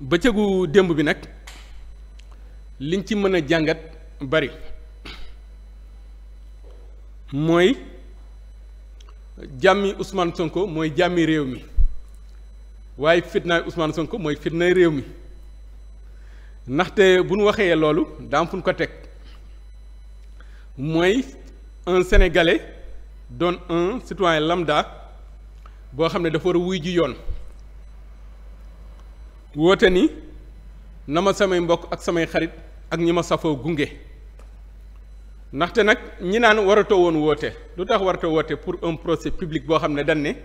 bëccëgu démb bi nag liñ ci mën a jàngat bari mooy jàmmi Ousmane Sonko mooy jàmmi réew mi waaye fitnaay Ousmane Sonko mooy fitnaay réew mi ndaxte bu nu waxee loolu daam fu ko teg mooy un sénégalais doon un citoyen lambda boo xam ne dafa wuy ji yoon. woote ni na ma samay mbokk ak samay xarit ak ñi ma safoo gunge ndaxte nag ñi naan waratoo woon woote lu tax waratoo woote pour un procès public boo xam ne dañ ne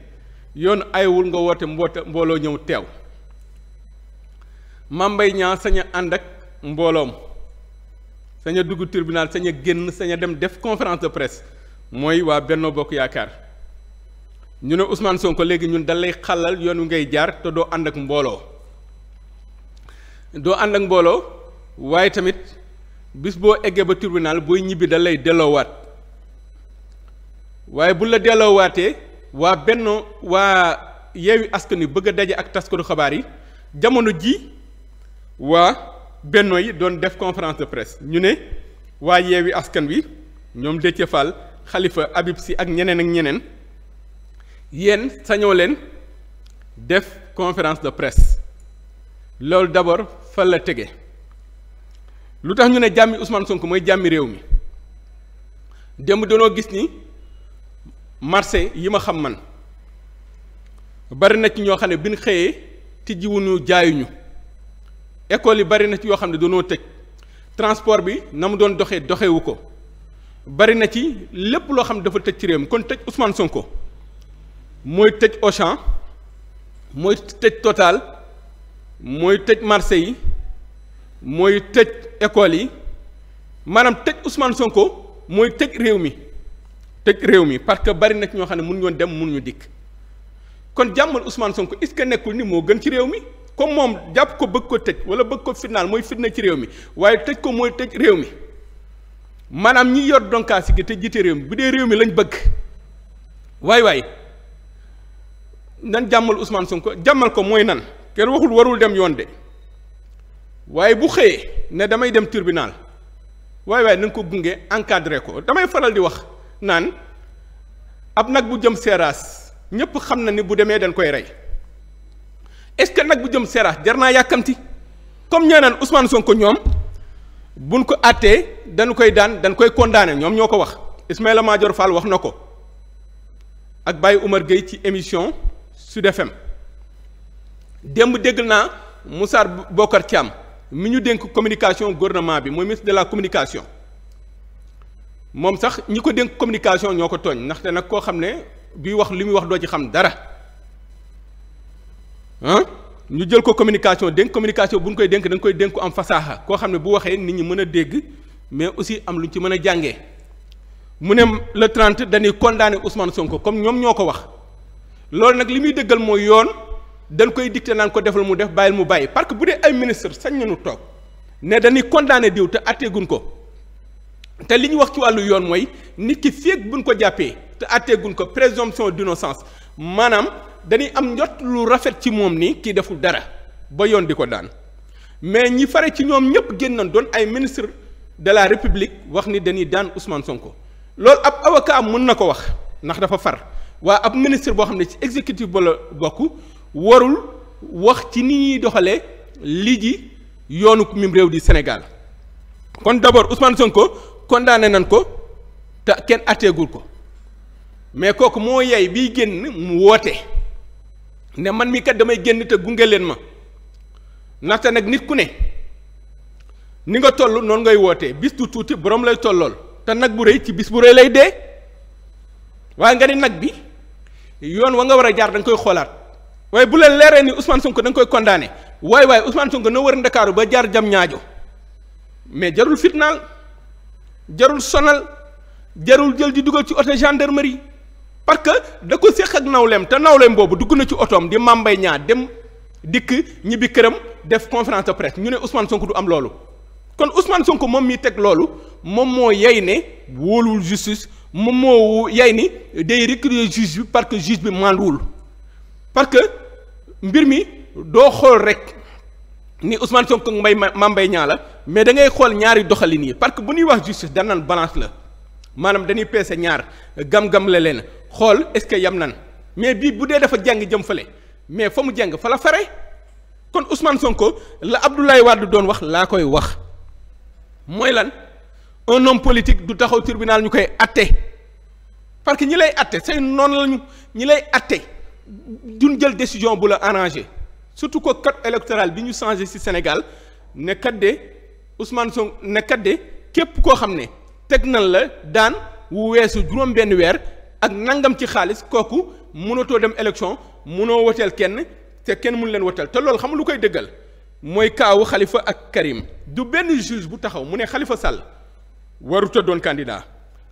yoon ayewul nga woote mboote mbooloo ñëw teew mambay ñaa sañ a ànd ak mbooloom sañ a dugg tribunal sañ génn sañ a dem def conférence de presse mooy waa Benno Bokk Yaakaar ñu ne Ousmane Sonko léegi ñun da lay xalal yoon wi ngay jaar te doo ànd ak mbooloo doo ànd ak mbooloo waaye tamit bis boo eggee ba tribunal booy ñibbi dal lay delloowaat waaye bu la delloowaatee waa bennoo waa yeewi askan wi bëgg a daje ak taskatu xabaar yi jamono ji waa benno yi doon def conférence de presse ñu ne waa yeewi askan wi ñoom Déthié xalifa Khalifa Habib ak ñeneen ak ñeneen yéen sañoo leen def conférence de presse loolu d'abord fa la tege lu tax ñu ne jàmmi Ousmane Sonko mooy jàmmi réew mi démb danoo gis ni marché yi ma xam man bari na ci ñoo xam ne bi ñu xëyee tijjiwuñu jaayuñu école yi bari na ci yoo xam ne danoo tëj transport bi na mu doon doxee doxewu ko bari na ci lépp loo xam ne dafa tëj ci réew mi kon tëj Ousmane Sonko mooy tëj Auchan mooy tëj Total. mooy tëj marché yi mooy tëj école yi maanaam tëj Ousmane Sonko mooy tëj réew mi tëj réew mi parce que bari nag ñoo xam ne mun ñoon dem mun ñu dikk kon jàmmal Ousmane Sonko est-ce que nekkul ni moo gën ci réew mi comme moom jàpp ko bëgg ko tëj wala bëgg ko fitnaal mooy fitna ci réew mi waaye tëj ko mooy tëj réew mi maanaam ñi yor donkaasi gi te jiite réew mi bu dee réew mi lañu bëgg waay waay nan jàmmal Ousmane Sonko jàmmal ko mooy nan kenn waxul warul dem yoon de waaye bu xëyee ne damay dem tribunal waaye waaye na nga ko gunge encadré ko damay faral di wax naan ab nag bu jëm seeraas ñépp xam na ni bu demee dañ koy rey est-ce que nag bu jëm seeraas jar naa yàkkamti comme ñoo naan Ousmane ko ñoom buñ ko àttee danu koy daan dañ koy condamné ñoom ñoo ko wax Ismaïla Madior Fall wax na ko ak Baye Oumar Gueye ci émission Sud démb dégg naa Moussa Bokar Thiam mu ñu dénk communication gouvernement bi mooy ministre de la communication moom sax ñi ko dénk communication ñoo ko tooñ ndaxte nag koo xam ne bi wax li muy wax doo ci xam dara ah ñu jël ko communication dénk communication bu ñu koy dénk da koy dénk am fasaaxa koo xam ne bu waxee nit ñi mën a dégg mais aussi am lu ñu ci mën a jàngee mu ne le 30 dañuy condamné Ousmane Sonko comme ñoom ñoo ko wax loolu nag li muy dëggal mooy yoon. dañ koy dikk naan ko defal mu def bàyyil mu bàyyi parce que bu dee ay ministre sañ nañu toog ne dañuy condamné diw te atteeguñ ko te li ñu wax ci wàllu yoon mooy nit ki feeg buñ ko jàppee te atteeguñ ko présomption d'innocence maanaam dañuy am njot lu rafet ci moom ni kii deful dara ba yoon di ko daan mais ñi fare ci ñoom ñëpp génn nañ doon ay ministre de la république wax ni dañuy daan son ko loolu ab avocat mën na ko wax ndax dafa far waa ab ministre boo xam ne ci exécutif ba la warul wax ci ni ñuy doxalee lii ji yoonu mim réew di Sénégal kon d'abord Ousmane Sonko condamné nañ ko te kenn atteegul ko mais kooku moo yey biy génn mu woote ne man mi kat damay génn te gunge leen ma ndaxte nag nit ku ne ni nga toll noonu ngay wootee bis du tuuti borom lay tollool te nag bu rëy ci bis bu rëy lay dee waaye nga ni nag bi yoon wa nga war a jaar da koy xoolaat. waaye buleen leeree ni Ousmane Sonko da koy condamné waay waay Ousmane Sonko na a Ndakaaru ba jaar jam ñaajo mais jarul fitnaal jarul sonal jarul jël di dugal ci oto gendarmerie parce que da ko séq ak nawleem te nawleem boobu dugg na ci otoom di mambay ñaa dem dikk ñibbi këram def conférence de presse ñu ne Ousmane Sonko du am loolu kon Ousmane Sonko moom mi teg loolu moom moo yey ne wóoluwul justice moom moo yey ni day recruter juge bi parce que juge bi manduwul parce mbir mi doo xool rek ni Ousmane Sonko mbay Mame mbay Niang la mais da ngay xool ñaari doxalin yi parce que bu ñuy wax justice dañ naan balance la maanaam dañuy peese ñaar gam-gam la leen xool est-ce que yam nan mais bii bu dee dafa jàng jëm fële mais fa mu jàng fa la fare kon Ousmane Sonko la Abdoulaye Wade doon wax laa koy wax mooy lan un homme politique du taxaw tribunal ñu koy atte parce que ñi lay atte say noonu lañu ñi lay atte duñ jël décision bu la arrangé surtout que code électoral bi ñu changé ci Sénégal ne kat de Ousmane Sonko ne de képp koo xam ne teg nañ la daan wu weesu juróom-benn weer ak nangam ci xaalis kooku mënatoo dem élection mënoo woteel kenn te kenn mënu leen woteel te lool xam nga lu koy dëggal mooy kaawu xalifa ak Karim du benn juge bu taxaw mu ne xalifa Sall waruta doon candidat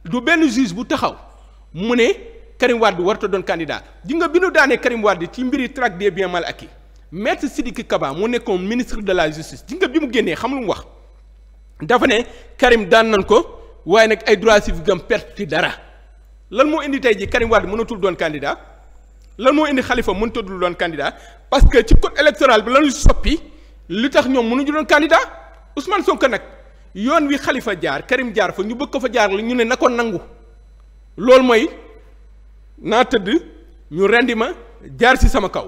du benn juge bu taxaw mu ne. Karim Wade warut a doon candidat ji nga bi nu daanee Karim Wade ci mbiri traque des biens mal acquis maître Sidiki Kaba mu nekkoon ministre de la justice ji bi mu génnee xam lu mu wax dafa ne Karim daan nañ ko waaye nag ay droits civiques am perte ci dara lan moo indi tey ji Karim Wade mënatul doon candidat lan moo indi Khalifa mënatudul doon candidat parce que ci code électoral bi lañu soppi li tax ñoom mënuñu doon candidat Ousmane Sonko nag yoon wi xalifa jaar Karim jaar fa ñu bëgg ko fa jaar la ñu ne na ko naa tëdd ñu rendi ma jaar ci sama kaw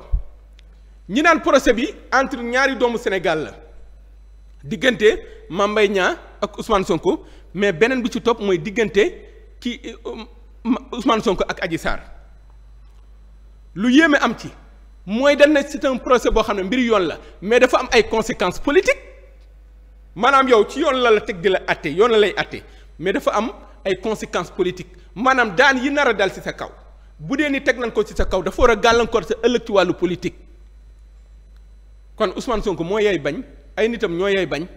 ñi naan procès bi entre ñaari doomu Sénégal la diggante ma mbay ñaa ak Ousmane Sonko mais beneen bi ci topp mooy diggante ki um, usmaan Sonko ak Adji Sarr lu yéeme am ci mooy dañ ne c'est un procès boo xam ne mbir yoon la mais dafa am ay conséquences politiques maanaam yow ci yoon la la teg di la àtte yoon la lay àtte mais dafa am ay conséquences politiques maanaam daan yi nar a dal ci sa kaw. bu dee ni teg nañ ko ci sa kaw dafa war a gàllankoor sa ëllëg ci wàllu politique kon Ousmane Sonko moo yay bañ ay nitam ñoo yay bañ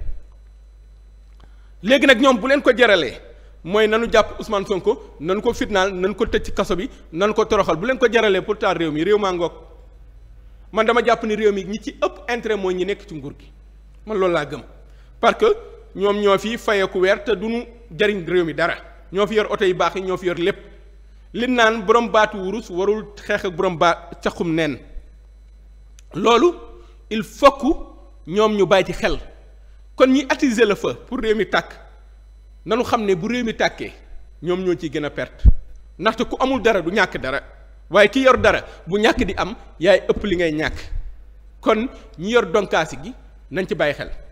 léegi nag ñoom bu leen ko jaralee mooy nanu jàpp Ousmane Sonko nanu ko fitnaal nanu ko tëj ci kaso bi nanu ko toroxal bu leen ko jaralee pour taal réew mi réew maa ngoog man dama jàpp ni réew mi ñi ci ëpp intérêt mooy ñi nekk ci nguur gi man loolu laa gëm parce que ñoom ñoo fi fayeeku weer te du ñu jariñ réew mi dara ñoo yor oto yu baax yi ñoo fi yor lépp. lim naan borom baatu wurus warul xeex ak borom baat caxum nen loolu il faut ñoom ñu bàyyi ci xel kon ñi attiser la feu pour réew mi tàkk nanu xam ne bu réew mi tàkkee ñoom ñoo ciy gën a perte ndaxte ku amul dara du ñàkk dara waaye ki yor dara bu ñàkk di am yaay ëpp li ngay ñàkk kon ñi yor donkaasi gi nañ ci bàyyi xel